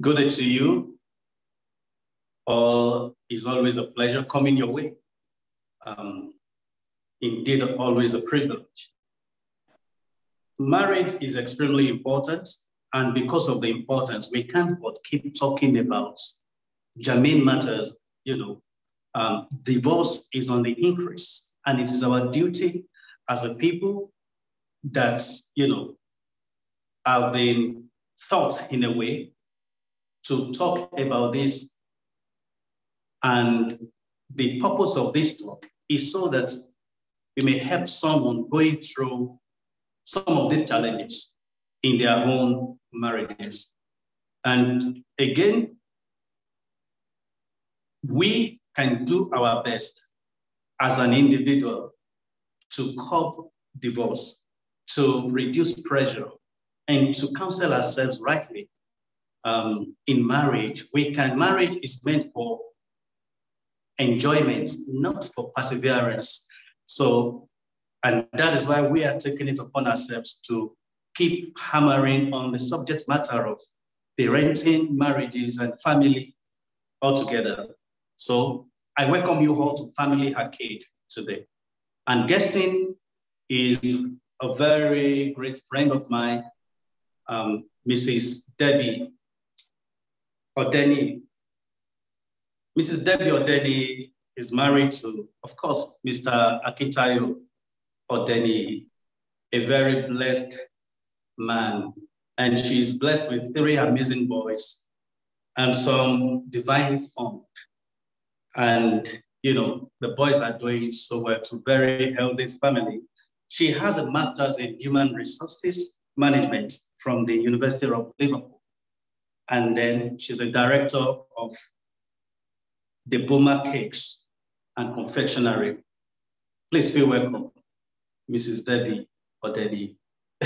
Good to you. All is always a pleasure coming your way. Um, indeed, always a privilege. Marriage is extremely important, and because of the importance, we can't but keep talking about germane matters. You know, um, divorce is on the increase, and it is our duty as a people that you know have been thought in a way to talk about this. And the purpose of this talk is so that we may help someone going through some of these challenges in their own marriages. And again, we can do our best as an individual to cope divorce, to reduce pressure, and to counsel ourselves rightly um, in marriage, we can, marriage is meant for enjoyment, not for perseverance. So, and that is why we are taking it upon ourselves to keep hammering on the subject matter of parenting, marriages, and family altogether. So I welcome you all to Family Arcade today. And guesting is a very great friend of mine, um, Mrs. Debbie Odeni. Mrs. Debbie Odeni is married to, of course, Mr. Akintayo Odeni, a very blessed man. And she's blessed with three amazing boys and some divine funk. And, you know, the boys are doing so well. It's a very healthy family. She has a master's in human resources management from the University of Liverpool. And then she's the director of the Boma Cakes and Confectionery. Please feel welcome, Mrs. Debbie or Debbie.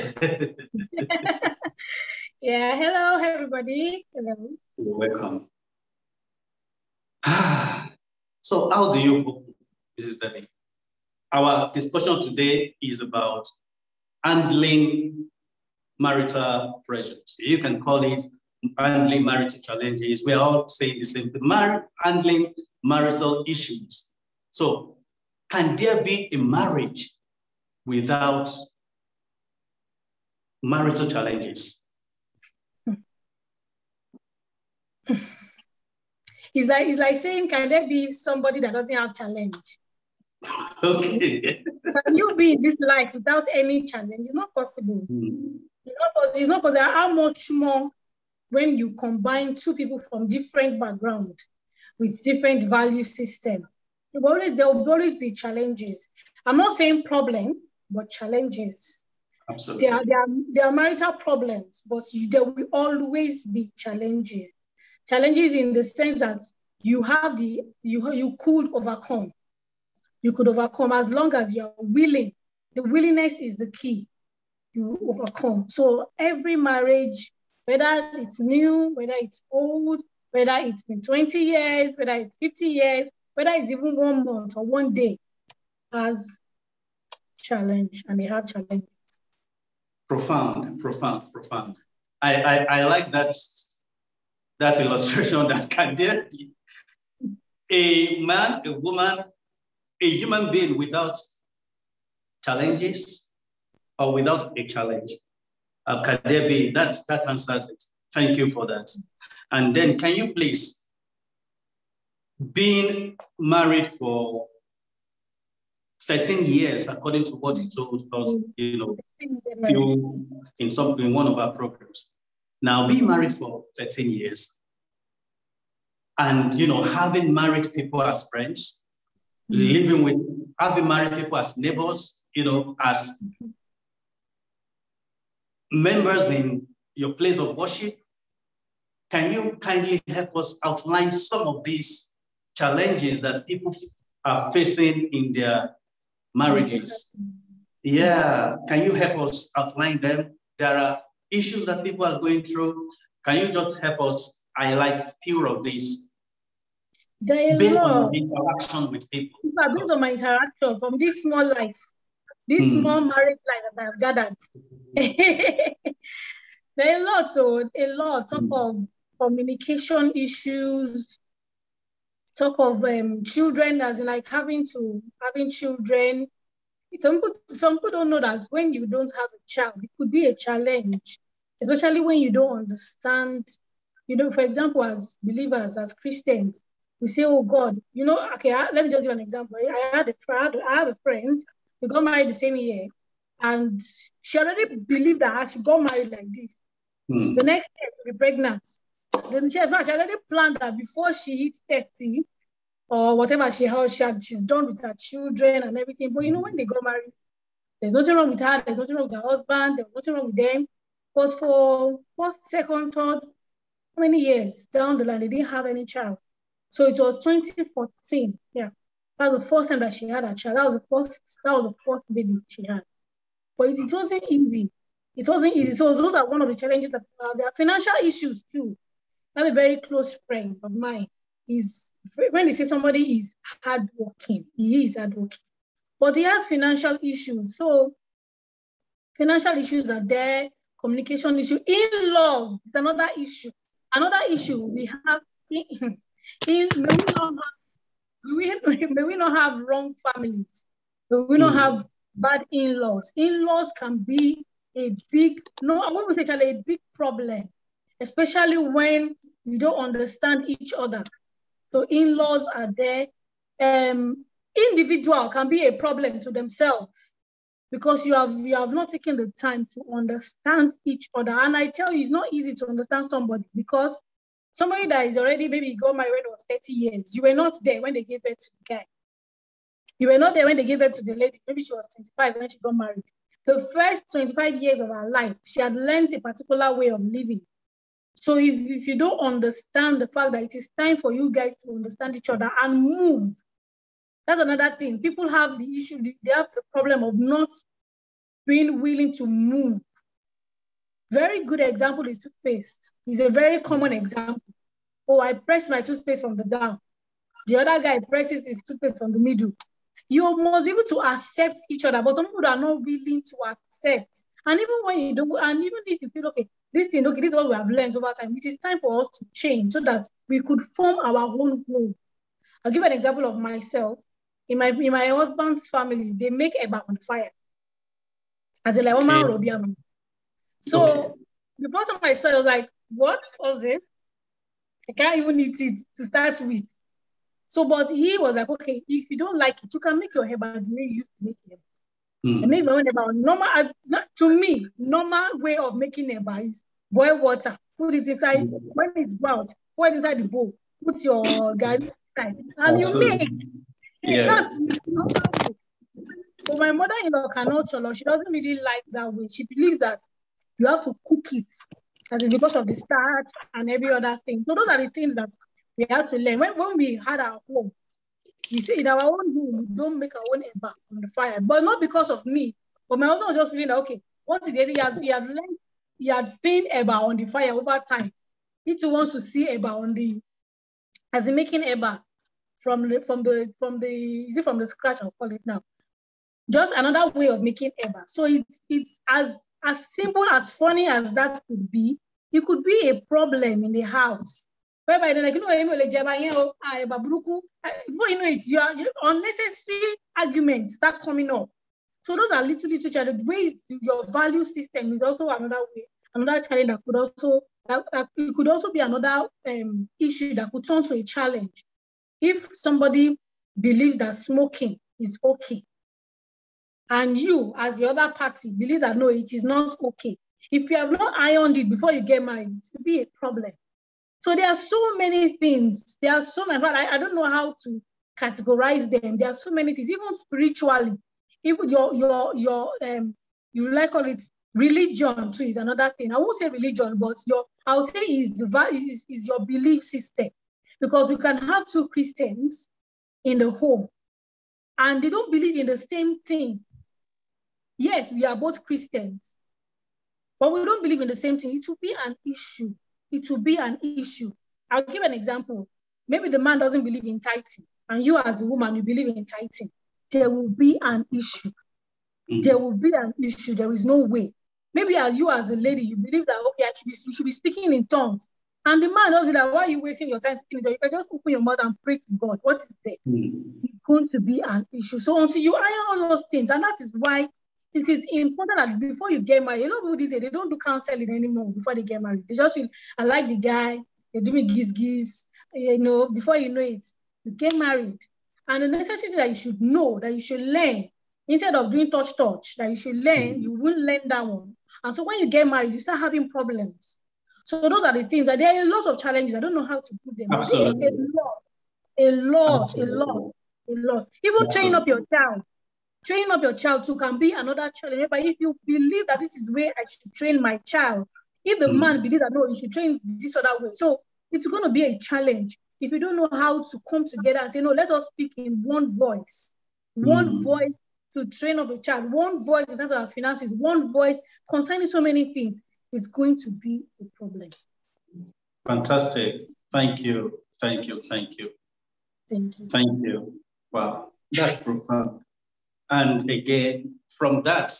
yeah, hello, everybody. Hello. You're welcome. so, how do you cook, Mrs. Debbie? Our discussion today is about handling marital pressures. You can call it handling marital challenges. We're all saying the same thing, Mar handling marital issues. So can there be a marriage without marital challenges? It's like, it's like saying, can there be somebody that doesn't have challenge? Okay. can you be in this life without any challenge? It's not possible. Mm. It's, not, it's not possible. How much more when you combine two people from different background with different value system. There will always, there will always be challenges. I'm not saying problem, but challenges. Absolutely. There are, there are, there are marital problems, but there will always be challenges. Challenges in the sense that you have the, you, you could overcome. You could overcome as long as you're willing. The willingness is the key. You overcome. So every marriage whether it's new, whether it's old, whether it's been 20 years, whether it's 50 years, whether it's even one month or one day, has challenge and they have challenges. Profound, profound, profound. I, I, I like that, that illustration that can there be a man, a woman, a human being without challenges or without a challenge uh, can that's, that answers it. Thank you for that. And then can you please, being married for 13 years, according to what he told us, you know, few, in, something in one of our programs. Now, being married for 13 years and, you know, having married people as friends, living with, having married people as neighbors, you know, as members in your place of worship, can you kindly help us outline some of these challenges that people are facing in their marriages? Yeah, can you help us outline them? There are issues that people are going through. Can you just help us highlight few of these? There based on interaction with people. Based on my interaction from this small life this mm. small marriage life that I've gathered. there are a lot, oh, a lot mm. of communication issues, talk of um, children as like having to having children. Some people, some people don't know that when you don't have a child, it could be a challenge, especially when you don't understand. You know, for example, as believers, as Christians, we say, "Oh God," you know. Okay, I, let me just give an example. I had a I had, I had a friend we got married the same year. And she already believed that she got married like this. Mm. The next year, she'll be pregnant. Then she, she already planned that before she hits 30 or whatever she has, she had, she's done with her children and everything. But you know, when they got married, there's nothing wrong with her, there's nothing wrong with her husband, there's nothing wrong with them. But for what second, third, how many years down the line, they didn't have any child. So it was 2014. Yeah. That was the first time that she had a child. That was the first, that was the first baby she had. But it, it wasn't easy. It wasn't easy. So those are one of the challenges that uh, there are financial issues too. I have a very close friend of mine. Is when they say somebody is hardworking, he is hardworking, but he has financial issues. So financial issues are there, communication issue, in love is another issue. Another issue we have in, in May we, may we not have wrong families. May we not mm. have bad in-laws. In-laws can be a big, no, I won't say a big problem, especially when you don't understand each other. So in-laws are there. Um, individual can be a problem to themselves because you have you have not taken the time to understand each other. And I tell you, it's not easy to understand somebody because Somebody that is already maybe got married when was 30 years. You were not there when they gave birth to the guy. You were not there when they gave birth to the lady. Maybe she was 25 when she got married. The first 25 years of her life, she had learned a particular way of living. So if, if you don't understand the fact that it is time for you guys to understand each other and move, that's another thing. People have the issue, they have the problem of not being willing to move very good example is toothpaste. It's a very common example. Oh, I press my toothpaste from the down. The other guy presses his toothpaste from the middle. You must be able to accept each other, but some people are not willing to accept. And even when you do, and even if you feel okay, this thing, okay, this is what we have learned over time. It is time for us to change so that we could form our own home. I'll give an example of myself. In my in my husband's family, they make a on fire. As a like, okay. So okay. the bottom of my soul was like, what was it? I can't even eat it to start with. So, but he was like, okay, if you don't like it, you can make your hair but the way you used to make it. Mm. I make my own about normal, not, to me, normal way of making eba is boil water, put it inside, mm. when it's boiled, pour it inside the bowl, put your garlic inside, and you make. Yeah. So my mother-in-law cannot cholo. She doesn't really like that way. She believes that you have to cook it. That is because of the starch and every other thing. So those are the things that we had to learn. When, when we had our home, we see in our own home, we don't make our own eba on the fire, but not because of me. But my husband was just feeling that, okay, what is it? He had, he had learned, he had seen eba on the fire over time. He too wants to see eba on the, as in making eba from the, from the, from the, is it from the scratch, I'll call it now. Just another way of making eba. So it, it's as as simple, as funny as that could be, it could be a problem in the house. Whereby they like, you know, ah, ah, before you know it, you are unnecessary arguments start coming up. So those are little, little challenges. Ways your value system is also another way, another challenge that could also that, that it could also be another um, issue that could turn to a challenge. If somebody believes that smoking is okay, and you as the other party believe that no, it is not okay. If you have not ironed it before you get married, it will be a problem. So there are so many things. There are so many, I, I don't know how to categorize them. There are so many things, even spiritually. Even your your your um you like call it religion too is another thing. I won't say religion, but your I would say is is, is your belief system. Because we can have two Christians in the home and they don't believe in the same thing yes, we are both Christians, but we don't believe in the same thing, it will be an issue. It will be an issue. I'll give an example. Maybe the man doesn't believe in tithing, and you, as a woman, you believe in tithing. There will be an issue. Mm-hmm. There will be an issue. There is no way. Maybe as you, as a lady, you believe that okay, I should be, you should be speaking in tongues, and the man knows that why are you wasting your time speaking You can just open your mouth and pray to God. What is there? Mm-hmm. It's going to be an issue. So until you iron all those things, and that is why it is important that before you get married, a lot of people they don't do counseling anymore before they get married. They just feel, I like the guy, they do me gifts, gifts, you know, before you know it, you get married. And the necessity that you should know, that you should learn, instead of doing touch touch, that you should learn, mm. you will learn that one. And so when you get married, you start having problems. So those are the things that there are a lot of challenges. I don't know how to put them. Absolutely. A lot, a lot, Absolutely. a lot, a lot. Even Absolutely. training up your child Training up your child to can be another challenge. But if you believe that this is the way I should train my child, if the mm. man believes that no, you should train this other way. So it's going to be a challenge if you don't know how to come together and say, no, let us speak in one voice, one mm. voice to train up a child, one voice in terms of our finances, one voice concerning so many things, it's going to be a problem. Fantastic. Thank you. Thank you. Thank you. Thank you. Thank you. Wow. That's profound. And again, from that,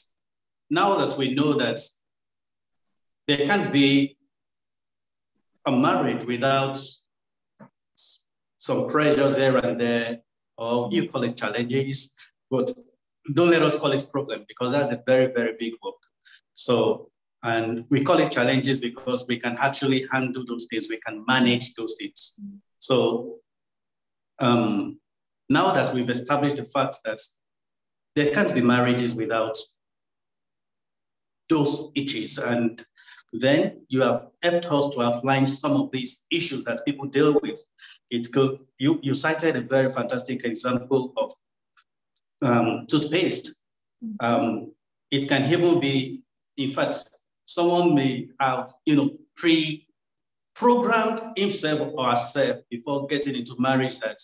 now that we know that there can't be a marriage without some pressures here and there, or you call it challenges, but don't let us call it problem because that's a very, very big word. So, and we call it challenges because we can actually handle those things, we can manage those things. So, um, now that we've established the fact that there can't be marriages without those itches, And then you have helped us to outline some of these issues that people deal with. It you, you cited a very fantastic example of um, toothpaste. Um, it can even be, in fact, someone may have, you know, pre programmed himself or herself before getting into marriage that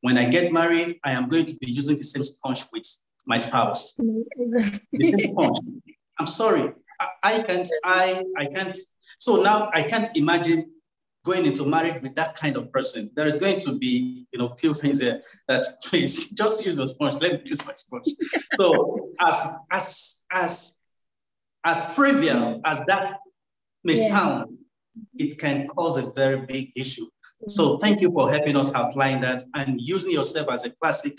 when I get married, I am going to be using the same sponge with my spouse. the I'm sorry. I, I can't, I, I can't. So now I can't imagine going into marriage with that kind of person. There is going to be, you know, few things there that please just use your sponge. Let me use my sponge. so as as as as trivial as that may yeah. sound, it can cause a very big issue. So mm-hmm. thank you for helping us outline that and using yourself as a classic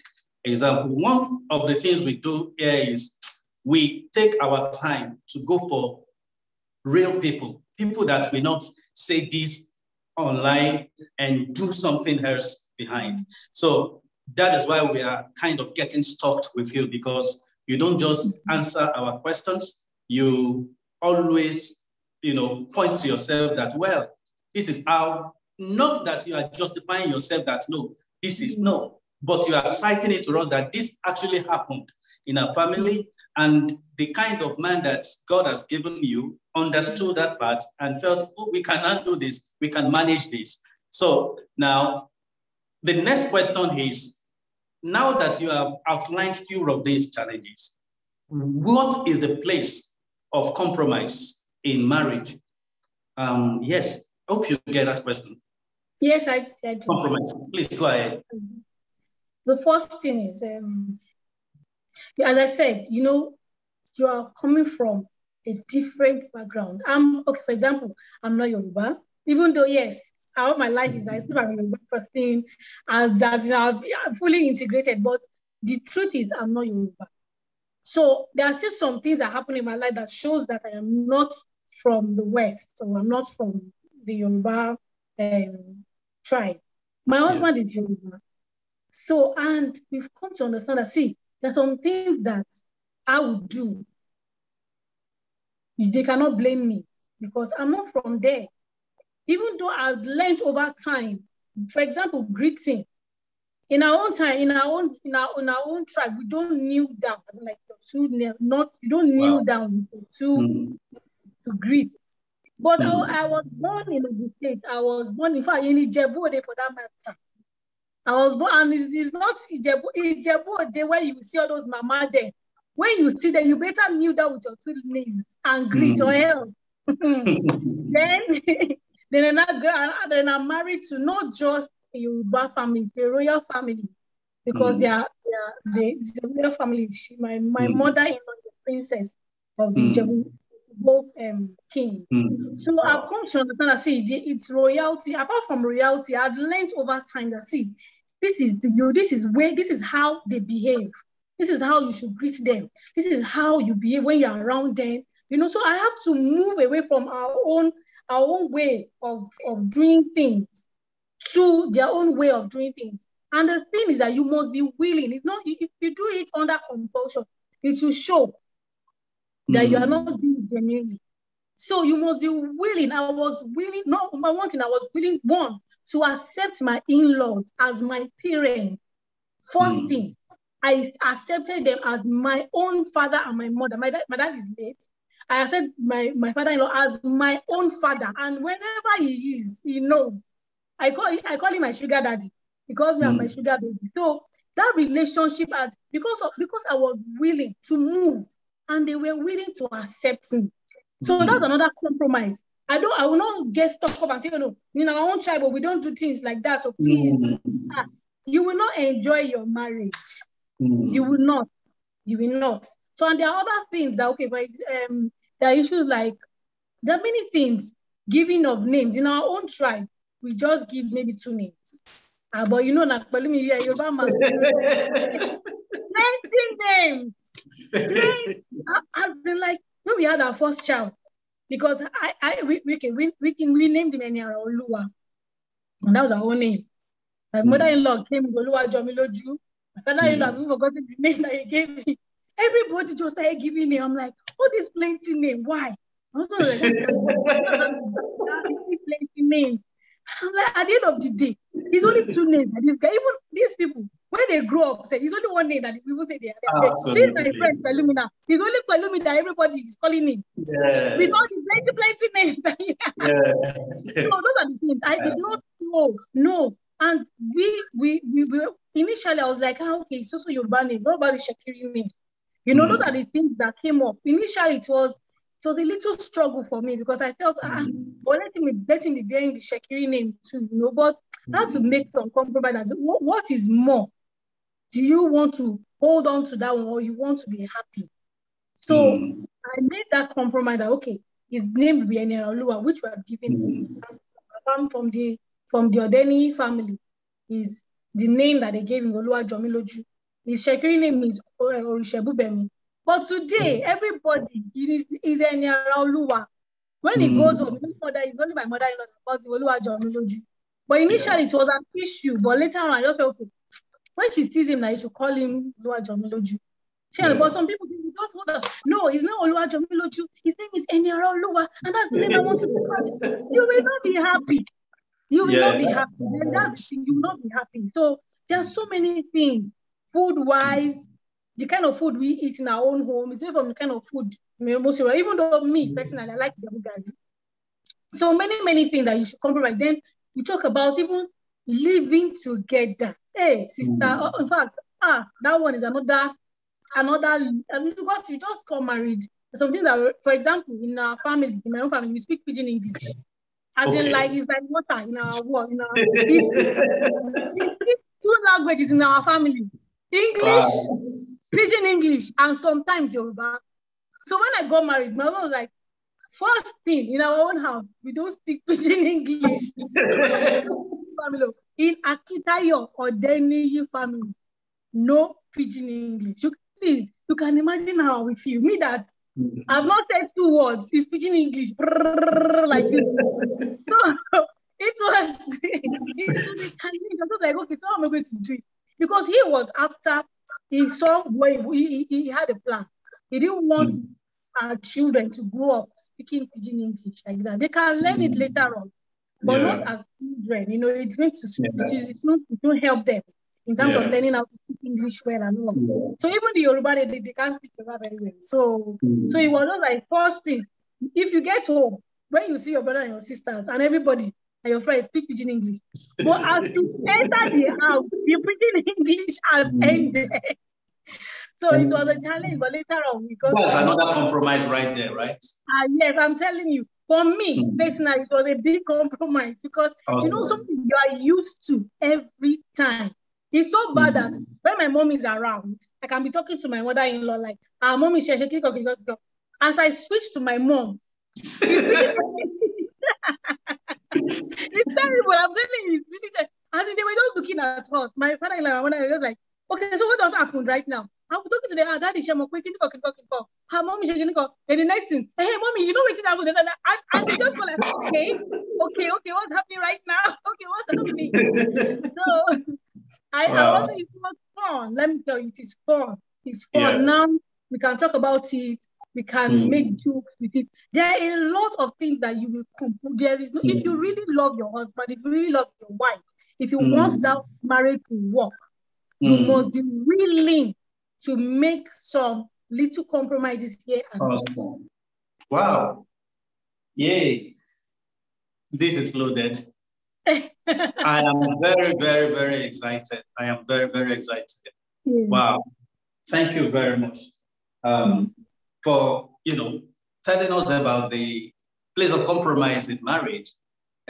example, one of the things we do here is we take our time to go for real people, people that will not say this online and do something else behind. So that is why we are kind of getting stuck with you because you don't just answer our questions, you always, you know, point to yourself that, well, this is how, not that you are justifying yourself that, no, this is no, but you are citing it to us that this actually happened in a family and the kind of man that God has given you understood that part and felt, oh, we cannot do this, we can manage this. So now the next question is, now that you have outlined few of these challenges, what is the place of compromise in marriage? Um, yes, hope you get that question. Yes, I, I do. Compromise, please go ahead. Mm -hmm the first thing is, um, as I said, you know, you are coming from a different background. I'm okay. For example, I'm not Yoruba, even though yes, all my life is I still am Yoruba person, as that you know, I'm fully integrated. But the truth is, I'm not Yoruba. So there are still some things that happen in my life that shows that I am not from the West, or I'm not from the Yoruba um, tribe. My husband yeah. is Yoruba. So, and we've come to understand that, see, there's some things that I would do. They cannot blame me because I'm not from there. Even though I've learned over time, for example, greeting. In our own time, in our own, in our, in our own tribe, we don't kneel down. As like you not you don't kneel wow. down to mm. to greet. But mm. I, I, was born in the state. I was born in fact in Ijebu for that matter. I was born, and it's, it's not Ijebu, Ijebu the way you see all those mama there. When you see them, you better kneel down with your two knees and greet mm. or help. then, then I go, then I'm married to not just a Yoruba family, a royal family, because mm. they are, they are the, royal family. She, my my mm. mother is the princess of the mm. Ijebu both um, king. Mm. So I've come to understand that see, it's royalty. Apart from royalty, I'd learned over time that see, this is you, this is where, this is how they behave. This is how you should greet them. This is how you behave when you're around them. You know, so I have to move away from our own, our own way of, of doing things to their own way of doing things. And the thing is that you must be willing. It's not if you do it under compulsion, it will show that mm. you are hmm. not doing genuinely. So you must be willing. I was willing, not my one thing, I was willing, one, to accept my in laws as my parents. First mm. thing, I accepted them as my own father and my mother. My dad, my dad is late. I accept my, my father-in-law as my own father. And whenever he is, he knows. I call, I call him my sugar daddy. He calls me mm. my hmm. sugar baby. So that relationship, had, because, of, because I was willing to move and they were willing to accept me. So mm-hmm. that's another compromise. I don't. I will not get stuck up and say, oh, no, in our own tribe, oh, we don't do things like that. So please, mm-hmm. Ah, you will not enjoy your marriage. Mm-hmm. You will not. You will not. So and there are other things that okay, but um, there are issues like there are many things. Giving of names in our own tribe, we just give maybe two names. Ah, but you know, like, let me, hear your mama. Twenty names. I've been like, when we had our first child, because I, I we, we can we, we can we named him Oluwa, and that was our own name. My mm. mother-in-law came Oluwa Jomiloju. My father-in-law, mm. i forgot forgotten the name that he gave me. Everybody just started giving me. I'm like, oh, this plenty name. Why? I'm sorry. plenty I'm like, at the end of the day, it's only two names that even these people, when they grow up, say it's only one name that people say they are. See my friend Pelumina. It's only Pelumi that everybody is calling me. Yeah. With all the plenty, plenty names. yeah. So those are the things. I did not know. No. And we we we, we initially I was like, ah, okay, so you're name. Nobody Shakiri name. You know, mm. those hmm. are the things that came up. Initially, it was it was a little struggle for me because I felt, ah, well, hmm. ah, let me let in be bearing the Shakiri name too, you know. But that's to make some compromise. What, what is more? Do you want to hold on to that one or you want to be happy? So mm. I made that compromise that, okay, his name will be Oluwa, which we have given mm. from the from the Odeni family. Is the name that they gave him Oluwa Jomiloju. His Shekiri name is Orishebubemi. But today, hmm. everybody is, is Oluwa. When he goes hmm. home, his mother is only my mother-in-law, Oluwa Jomiloju. But initially yeah. it was an issue, but later on I just felt okay. When she sees him, like, you should call him Lua Jomiloju. Yeah. But some people think, don't hold up. No, he's not Olua Jomiloju. His name is Eniara Olua, and that's the name I want to call him. You will not be happy. You will yeah. not be happy. And that you will not be happy. So there's so many things, food-wise, the kind of food we eat in our own home is from the kind of food most even though me personally, I like the garden. So many, many things that you should compromise. Then we talk about even living together. Hey, sister, mm. Oh, in fact, ah, that one is another, another, because you just got married. Something that, for example, in our family, in my own family, we speak pidgin English. As okay. in, like, it's like water in our world, in our two languages in our family English, wow. pidgin English, and sometimes Yoruba. So when I got married, my mom was like, First thing in our own house, we don't speak pidgin English. in Akitayo or Deniyi family, no pidgin English. You, please, you can imagine how we feel. Me that mm-hmm. I've not said two words. He's pidgin English like this. so, it was it was like okay, so how am I going to do it? Because he was after he saw where he, he, he had a plan. He didn't want mm our children to grow up speaking pidgin English like that. They can learn mm it later on, but yeah. not as children. You know, it's going to yeah. it, is, it's not, it won't help them in terms yeah. of learning how to speak English well and all. So even the Yoruba, they, they can't speak Yoruba very well. So mm so it was not like first thing. If you get home, when you see your brother and your sisters and everybody and your friends speak pidgin English, but as you enter the house, the pidgin English has mm ended. So it was a challenge, but later on we got. That's another compromise right there, right? Uh, yes, I'm telling you. For me, hmm. personally, it was a big compromise because awesome. you know something you are used to every time. It's so bad mm. that hmm. when my mom is around, I can be talking to my mother-in-law like, "Our mom is shaking, As I switch to my mom, it's terrible. I'm really, really sad. As they were just looking at us, my father-in-law, my mother-in-law, was like, okay, so what does happen right now? I am talking to the other ah, daddy, she's was quick, kiniko, kiniko, Her mom is "Go, And the next thing, eh, hey, mommy, you know what's happening? And, and, and they just go like, okay, okay, okay, what's happening right now? Okay, what's happening? so I, wow. I also, it was fun. Let me tell you, it is fun. It's fun. Yeah. Now we can talk about it. We can mm. make jokes with it. There are a lot of things that you will There is no, mm. if you hmm. really love your husband, if you really love your wife, if you mm. want that marriage to work, you hmm. must be willing to make some little compromises here and awesome. Wow. Yay. This is loaded. I am very, very, very excited. I am very, very excited. Yeah. Wow. Thank you very much um, for, you know, telling us about the place of compromise in marriage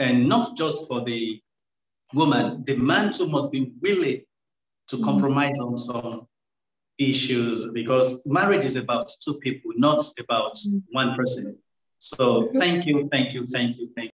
and not just for the woman, the man too must be willing to mm. compromise on some issues because marriage is about two people, not about mm-hmm. one person. So mm-hmm. thank you, thank you, thank you, thank you.